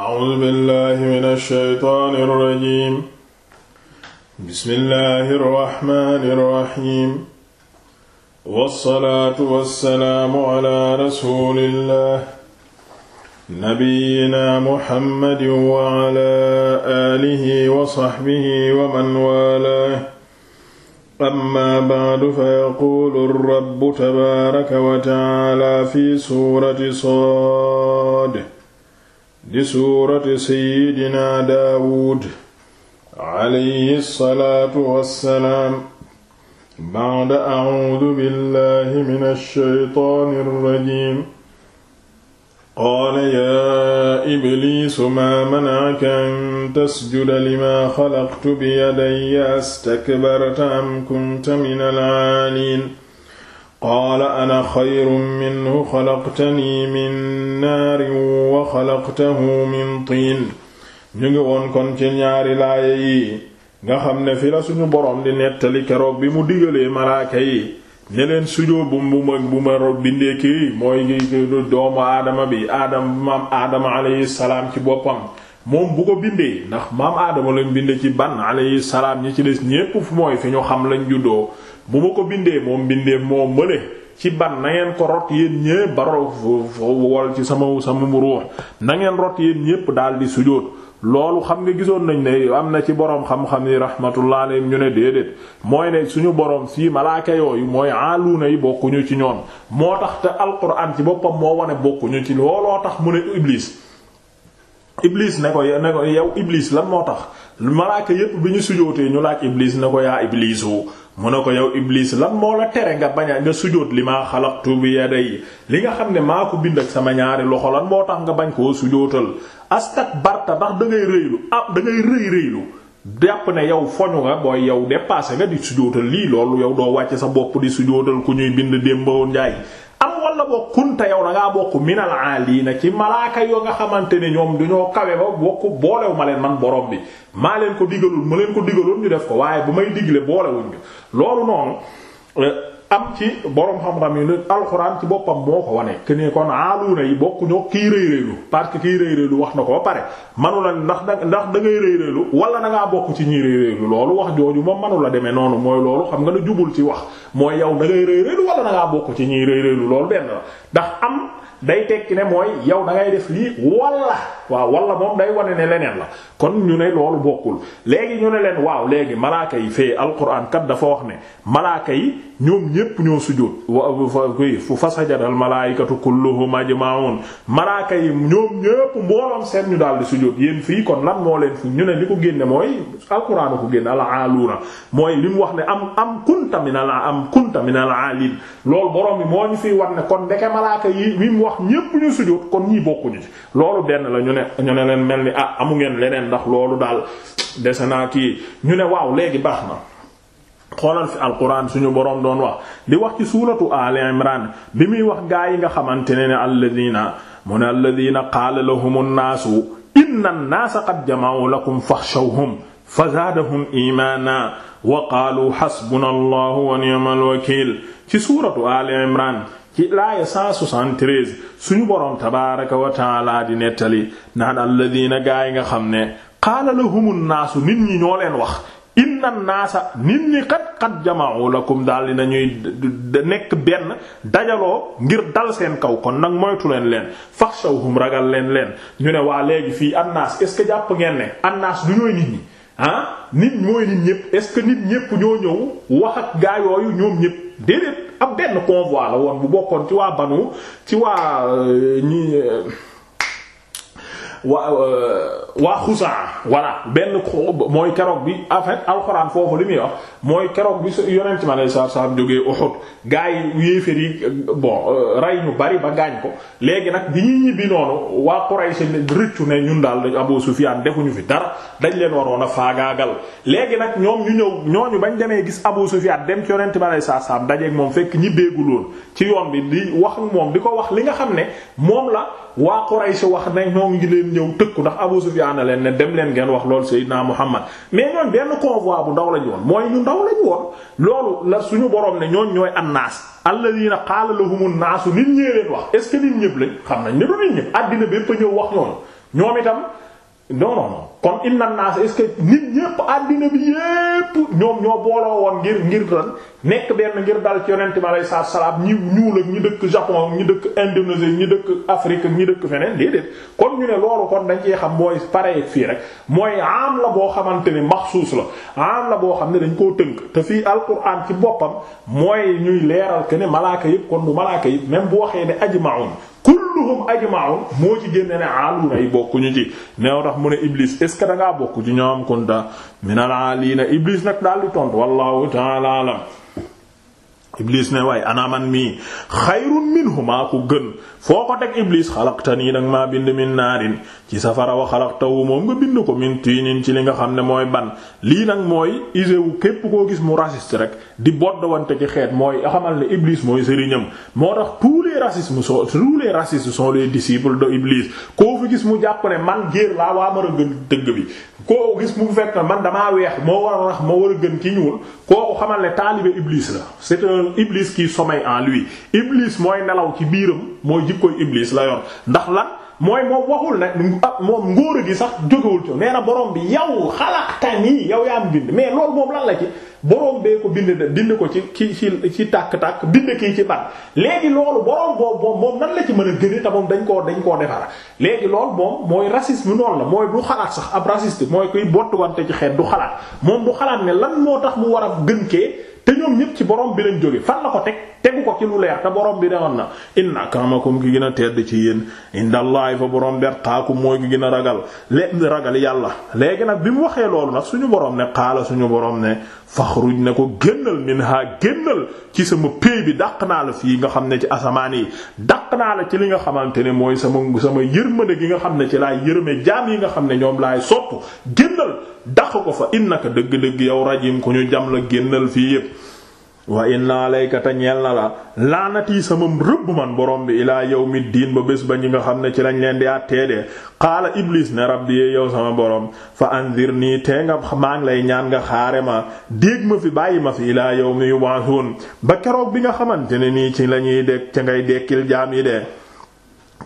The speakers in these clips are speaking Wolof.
أعوذ بالله من الشيطان الرجيم بسم الله الرحمن الرحيم والصلاة والسلام على رسول الله نبينا محمد وعلى آله وصحبه ومن والاه أما بعد فيقول الرب تبارك وتعالى في سورة صاد di suurati seydina daawud alayhi salaatu wassalaam ba'da a'uudu billahi mina shaytaani rajiim qaala yaa ibliisu maa mana'aka an tasjuda limaa xalaqtu biyadayya astakbarta am kunta minal aaliin qaala ana xayrun minhu xalaqtanii min naarin wa xalaqtahu min tiin ñu ngi woon kon ci ñaari laaya yi nga xam ne fi la suñu boroom di nettali keroog bi mu digalee malaaka yi ne leen sujoo bu bu ma bu ma bindee kii mooy doomu aadama bi aadama maam aadama alayhi ci boppam moom bu ndax maam aadama lañ binde ci ban alayhi salaam ñi ci des ñépp mooy fi ñu xam lañ juddoo bu ma ko bindee moom bindee moo mëne ci ban nangeen ko rot yéen ñépp ba wol ci sama sama ruux na ngeen rot yéen ñépp daal di sujóot loolu xam nga gisoon nañ ne am na ci boroom xam-xam yi rahmatullah alayhim ñu ne déedéet mooy ne suñu boroom fii malaaka yooyu mooy aaluuna yi bokkuñu ci ñoom moo tax te alquran ci boppam moo wane bokkuñu ci looloo tax mu ne iblis iblis ne ko ne ko yow iblis lan moo tax malaaka yépp bi ñu sujootee ñu laaj iblis ne ko yaa iblisu mu ne ko yow Iblis lan moo la tere nga bañ a nga sujoot li maa xalaqtu bi yaday li nga xam ne maa ko bind ak sama ñaari loxo lan moo tax nga bañ koo sujootal astakbarta ndax da ngay rëylu ah da ngay rëy rëylu jàpp ne yow foñu nga booy yow dépassé nga di sujootal lii loolu yow doo wàcc sa bopp di sujootal ku ñuy bind démbawoon njaay wala boo kunta yow dangaa bokk minal na ci malaaka yoo nga xamante ne ñoom dañoo kawe ba bokk boolewu ma leen man borom bi maa leen ko digalul ma leen ko digaloon ñu def ko waaye bu may digle boolewuñ loolu noonu euh, am ci borom xam-xam yi leen alxuraan ci boppam moo ko wane que ne kon aaluuna yi bokkuñoo kii rëy rëylu parce que kii rëy rëylu wax na ko ba pare manu la ndax da ndax da ngay rëy rëylu wala da bokk ci ñii rëy rëylu loolu wax jooju moom manu demee noonu mooy loolu xam nga ne jubul ci wax mooy yow da ngay rëy ci ñii rëy rëylu loolu benn la ndax am day tekki ne mooy yow da ngay def lii wala waaw wala moom day wane ne leneen la kon ñu ne loolu bokkul léegi ñu ne leen waaw léegi malaaka yi fee alxuraan kat dafa wax ne malaaka yi ñoom ñépp ñoo sujjóot wa fu fasajara al malaayikatu kulluhum ajma'un malaaka yi ñoom ñépp mbooloom seen ñu daal di sujjóot yéen fii kon lan moo leen fu ñu ne li ko génne mooy alquraan ko génne al aaluuna mooy li mu wax ne am am kunta min al am kunta min al aaliin loolu borom bi moo ñu fiy war ne kon ndeke malaaka yi li mu wax ñépp ñu sujjóot kon ñii bokkuñu ci loolu benn la ñu ne ñu ne leen mel ni ah amu ngeen leneen ndax loolu daal dese naa kii ñu ne waaw léegi baax na xoolal fi alquran suñu boroom doon wax di wax ci suuratu al imran bi muy wax gaa yi nga xamante ne ne alladina mu ne alladina qaala lahum nnaasu inna annaasa qad jama'u lakum faxshawhum fa zaadahum imaana wa qaalu xasbuna allahu wa ni'mal wakiil ci suuratu al imran ci laaya 173 suñu boroom tabaaraka wa taala di nettali naan alladina gaa yi nga xam ne qaala lahum nnaasu nit ñi ñoo leen wax inna naasa nit ñi xat xat jama'u lakum daal di nañuy nekk benn dajaloo ngir dal seen kaw kon nag moytu leen leen faxshawhum ragal leen leen ñu ne waa léegi fii annaas est ce que jàpp ngeen ne annaas du ñooy nit ñi ah nit mooy nit ñépp est ce que nit ñépp ñoo ñëw wax ak gaa yooyu ñoom ñépp déedéet ab benn convoi la woon bu bokkoon ci waa banu ci waa euh, ñi euh, waa. Euh, waa xusaa voilà benn mooy keroog bi en fait alxuraan foofu lu muy wax mooy keroog bi yonent ma lay saa saa jógee Uhud gaa yi yéeféer yi bon euh, rey ñu bari ba gaañ ko léegi nag bi ñuy ñibbi noonu waa Quraysh rëccu ne ñun daal dañu Abu Sufyaan defuñu fi dara dañ leen waroon a faagaagal léegi nag ñoom ñu ñëw ñooñu bañ demee gis Abu Sufyaan dem ci yonent ma lay saa saa moom fekk ñibbeegul woon ci yoon bi di wax ak moom di ko wax li nga xam ne moom la waa si wax ne ñoo ngi leen ñëw tëkku ndax Abu Sufyaan jaana ne dem leen ngeen wax loolu Seydina Muhammad mais ñooñ benn convoi bu ndaw lañu woon mooy ñu ndaw lañu woon loolu la suñu borom ne ñooñ ñooy annaas alladina qaala lahumun naasu nit ñee leen wax est ce que nit ñëpp lañ xam nañ ne du nit ñëpp àddina bépp ñëw wax ñooñu ñoom itam non non non kon inna naa est-ce que nit ñépp àddina bi yépp ñoom ñoo booloo woon ngir ngir ran nekk benn ngir dal ci yonent bi sa salaatu ñi ñuul ak ñi dëkk Japon ak ñi dëkk Indonésie ak ñi dëkk Afrique ak ñi dëkk feneen déedéet kon ñu ne loolu kon dañ cee xam mooy pareet fii rek mooy am la boo xamante ni maxsuus la am la boo xam ne dañ koo tënk te fii alquran ci boppam mooy ñuy leeral que ne malaaka yépp kon bu malaaka yi même bu waxee ne ajma'un kulluhum ajma'un moo ci génne ne aaluuna yi bokkuñu ci neew tax mu ne Iblis est ce que da ngaa bokk ci ñoom kunta minal aaliina Iblis nag daal di tontu wallahu ta'ala Iblis ne waaye ana man mii xayrun minhuma ko gën foo ko teg Iblis xalaqtanii nag maa bind min naarin ci safara wa xalaqtahu moom nga bind ko min tiinin ci li nga xam ne mooy ban lii nag mooy ise wu képp koo gis mu raciste rek di boddawante ci xeet mooy xamal ne Iblis mooy sëriñam moo tax tous les racismes sont tous les racistes sont les disciples de Iblis koo fi gis mu jàpp ne man géer laa waa gën dëgg bi koo gis mu fekk man damaa weex moo war a wax moo war a gën ki ñuul kooku xamal ne la un iblis qui sommeille en lui mooy nelaw ci biiram mooy jikkoy iblis la yoon ndax lan mooy moom waxul ne ah, moom ngóor gi sax jógewul ci nee na borom bi yow xalaqtani yow yaa am bind mais loolu moom lan la ci borom bee ko bind bind ko ci ci ci ci tàkk-tàkk bind kii ci bat léegi loolu borom boobu moom nan la ci mën a gëne te moom dañ koo dañ koo defara léegi loolu moom mooy racisme noonu la mooy du xalaat sax ab raciste mooy kuy bottuwante ci xeet du xalaat moom du xalaat ne lan moo tax mu war a gën kee te ñoom ñépp ci borom bi lañ jóge fan la ko teg tegu ko ci lu leer te borom bi ne woon na inna kamakum ki gën a tedd ci yéen indallahi fa borom bi taakum mooy ki gën a ragal le ragal yàlla léegi nag bi mu waxee loolu nag suñu borom ne xaala suñu borom ne faxruj ne ko génnal minha génnal ci sama péey bi dàq naa la fii nga xam ne ci asamaan yi dàq naa la ci li nga xamante ne mooy sama sama yërmande gi nga xam ne ci laay yërme jaam yi nga xam ne ñoom laay sottu génnal dàq ko fa innaka dëgg-dëgg yow rajim ku ñu jam la génnal fii yëpp wa inna alayka te ñeel na la laanati sama rëbb man borom bi ilaa mi diin ba bés ba ñi nga xam ne ci lañ leen di àttee de qaala iblis ne rabbi yow sama borom fa anzir nii tee nga maa lay ñaan nga xaare ma dégg ma fi bàyyi ma fi ilaa yawmi yub'athun ba keroog bi nga xamante ne nii ci la ñuy dekk ca ngay dekkil jaam yi de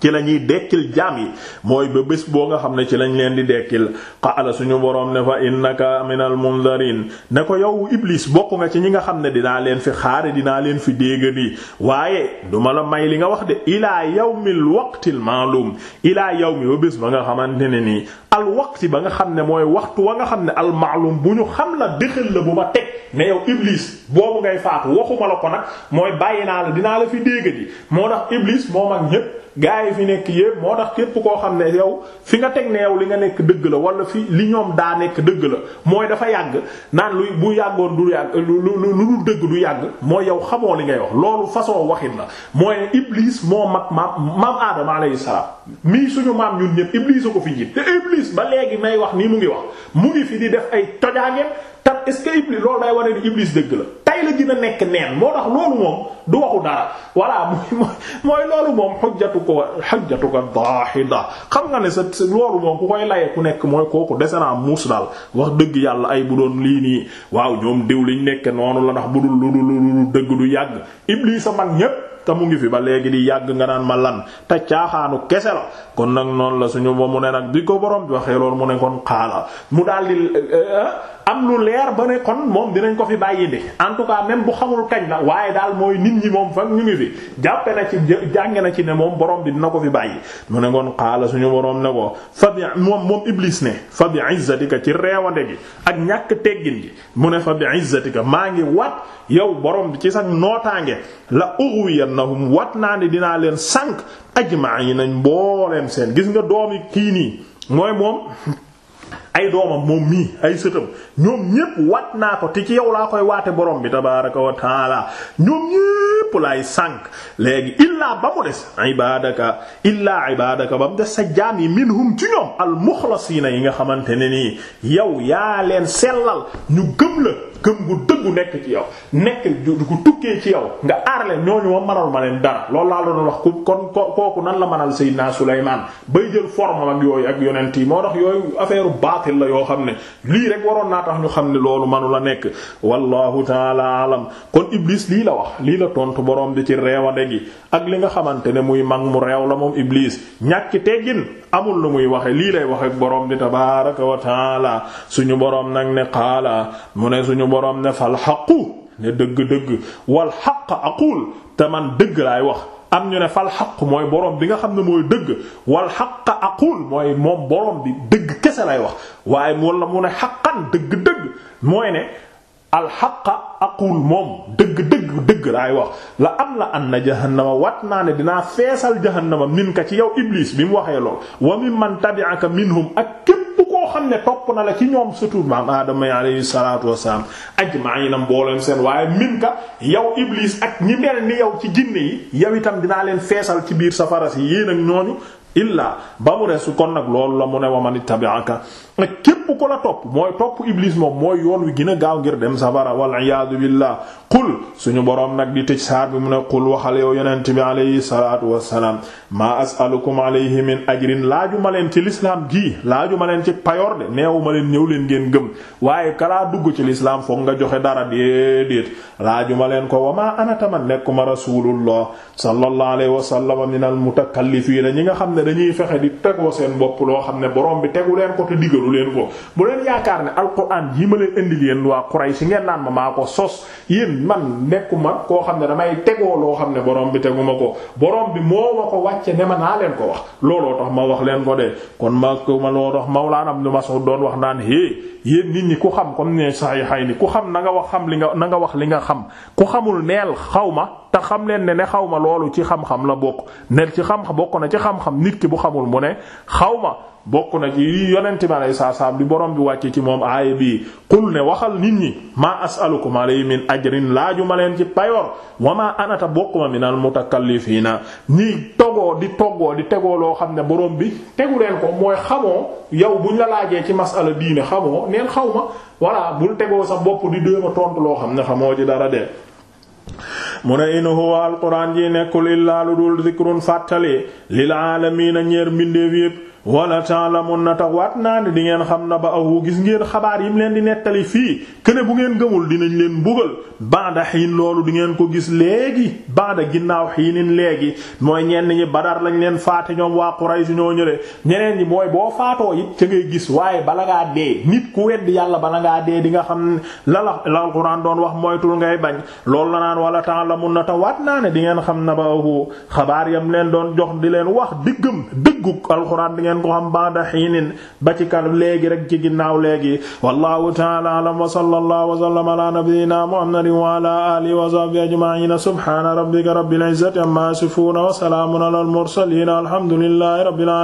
ci la ñuy dekkil jaam yi mooy ba bés boo nga xam ne ci lañ leen di dekkil qaala suñu boroom ne fa innaka minal mundarin ne ko yow iblis bokk ci ñi nga xam ne dinaa leen fi xaare dinaa leen fi déegani waaye duma la may li nga wax de ilaa yawmil waqtil maalum ilaa yawmi ba bés ba nga xamante ne nii al waqti ba nga xam ne mooy waxtu wa nga xam ne al bu ñu xam la dëxal bu ma teg ne yow iblis boobu ngay faatu waxuma la ko nag mooy bàyyi naa la dinaa la fi déegani moo tax iblis moom ak ñépp gaa yi fi nekk yépp moo tax képp koo xam ne yow fi nga teg ne yow li nga nekk dëgg la wala fi li ñoom daa nekk dëgg la mooy dafa yàgg naan luy bu yàggoon du yàgg lu lu dëgg du yàgg mooy yow xamoo li ngay wax loolu façon waxit la mooy ne moo mag maam maam Adama alayhi salaam mii suñu maam ñun ñëpp Iblis ko fi jiit te Iblis ba léegi may wax nii mu ngi wax mu ngi fi di def ay tojaangeem tat est-ce que Iblis loolu day wane ni Iblis dëgg la. tey la gën a nekk neen moo tax loolu moom du waxu dara voilà mooy mooy loolu moom xujjatu ko xujjatu ko daaxida xam nga ne sa loolu moom ku koy laye ku nekk mooy kooku dese naa muus daal wax dëgg yàlla ay bu doon lii nii waaw ñoom diw liñ nekk noonu la ndax bu dul lu dul lu dëgg du yàgg Iblisa mag ñépp te mu ngi fi ba léegi di yàgg nga naan ma lan te caaxaanu kese la kon nag noonu la suñu ba mu ne nag bi ko borom bi waxee loolu mu ne kon xaala mu daldi eh, eh, am lu leer ba ne kon moom dinañ ko fi bàyyi de en tout cas même bu xamul kañ la waaye daal mooy nit ñi moom fan ñu ngi fi jàppe na ci jànge na ci ne moom boroom bi dina ko fi bàyyi mu ne ngoon xaala suñu borom ne ko fa bi moom moom iblis ne fa bi izzatika ci reewande gi ak ñàkk teggin gi mu ne fa bi izzatika maa ngi wat yow boroom bi ci sax nootaange la ughwiyannahum wat naa ne dinaa leen sànq ajma'in nañ mbooleem seen gis nga doomi kii nii mooy moom ay doomam moom mii ay sëtam ñoom ñépp wat naa ko te ci yow laa koy waate borom bi tabaaraka wa taala ñoom ñépp laay sànk léegi illaa ba mu des ibaadaka illaa ibaadaka ba mu des sa jaam yi minhum ci ñoom almuxlasiina yi nga xamante ne nii yow yaa leen sellal ñu gëm la gëm bu dëggu nekk ci yow nekk gu tukkee ci yow nga aar leen ñooñu ma mënal ma leen dara loolu laa doon wax ku kon kooku nan la mënal Seydina Souleymane bay jël forme ak yooyu ak yonent yi moo tax yooyu affaire baatil la yoo xam ne lii rek waroon naa tax ñu xam ne loolu manu la nekk wallahu taala alam kon Iblis lii la wax lii la tontu borom di ci reewande gi ak li nga xamante ne muy mag mu reew la moom Iblis ñàkki teggin amul lu muy waxe lii lay wax ak borom bi tabaaraka wa taala suñu borom nag suñu boroom ne fal xaqu ne dëgg-dëgg wal xaq aqul te man dëgg laay wax am ñu ne fal xaq mooy boroom bi nga xam ne mooy dëgg wal xaq aqul mooy moom boroom bi dëgg kese lay wax waaye moom la mu ne xaqan dëgg-dëgg mooy ne al xaqa aqul moom dëgg dëgg dëgg laay wax la am la an na jahannama wat naa ne dinaa feesal jahannama min ka ci yow iblis bi mu waxee lool wa mimman tabi'aka minhum ak képp koo xam ne topp na la ci ñoom surtout maam aadama yi alayhi salaatu wassalaam ajma'ina mbooleem seen waaye min ka yow Iblis ak ñi mel ni yow ci jinne yi yow itam dinaa leen feesal ci biir safara si yéen ak ñooñu illaa ba mu resu kon nag loolu la mu ne wa man ittabi'aka ak képp ko la topp mooy topp iblis moom mooy yoon wi gën a gaaw ngir dem safara wal iyaadu billah qul suñu boroom nag di tëj saar bi mu ne qul waxal yow yonent bi alayhi salaatu wassalaam maa as'alukum alayhi min ajrin laaju ma leen ci lislaam gii laaju ma leen ci payor de neewu ma leen ñëw leen ngeen gëm waaye kalaa dugg ci lislaam foog nga joxe dara déedéet laaju ma leen ko wa maa ana taman nekkuma rasulullah sallallahu alayhi wa sallam min dañuy fexe di tegoo seen bopp loo xam ne borom bi tegu leen ko te digalu leen ko mu leen yaakaar ne alquran yi ma leen indi yéen waa si ngeen naan ma maa ko sos yéen man nekkuma koo xam ne damay tegoo loo xam ne borom bi tegu ma ko borom bi moo ma ko wàcce ne ma naa leen ko wax looloo tax ma wax leen ko de kon ma ko ma loo tax Mawlaana ma soo doon wax naan hé yéen nit ñi ku xam comme ne Sahihayni ku xam na nga wax xam li nga na nga wax li nga xam ku xamul neel xaw ma te xam leen ne ne xaw ma loolu ci xam-xam la bokk ne ci xam bokk na ci xam-xam nit ki bu xamul mu ne xaw ma bokk na ci yi yonente bi alei bi borom bi wàcce ci moom aaya bii qul ne waxal nit ñi maa ma alayhi min ajrin laaju ma leen ci payoor wa ma anata takkal min fii mutakallifiina nii togoo di toggoo di tegoo loo xam ne borom bi tegu leen ko mooy xamoo yow buñ la laajee ci masala diine xamoo neen xaw ma voilà bul tegoo sa bopp di déema tontu loo xam ne xamoo ci dara de mu ne in huwa alquran ji nekkul illaa lu dul zikrun fàttali lil aalamiina ñeer mbindeef yépp wala na tax waat naa ne di ngeen xam na ba ahu gis ngeen xabaar yim leen di nettali fii kene bu ngeen gëmul dinañ leen mbugal banda xiin loolu di ngeen ko gis léegi banda ginnaaw xiinin léegi mooy ñenn ñi badar lañ leen faate ñoom waa Quraysh ñoo ñële ñeneen ñi mooy boo faatoo yi ca ngay gis waaye bala ngaa dee nit ku weddi yàlla bala ngaa dee di nga xam la la alxuraan doon wax moytul ngay bañ loolu la naan wala ta'lamunna tax waat naa ne di ngeen xam na ba ahu xabaar yam leen doon jox di leen wax diggam ngeen ko xam ba'da hiinin ba ci kar léegi rek ci ginnaaw léegi wallahu ta'ala a'lam wa sallallahu wa sallama ala nabiyyina muhammadin wa ala alihi wa sahbihi ajma'in subhana rabbika rabbil izzati amma yasifun wa salamun alal mursalin alhamdulillahi rabbil alamin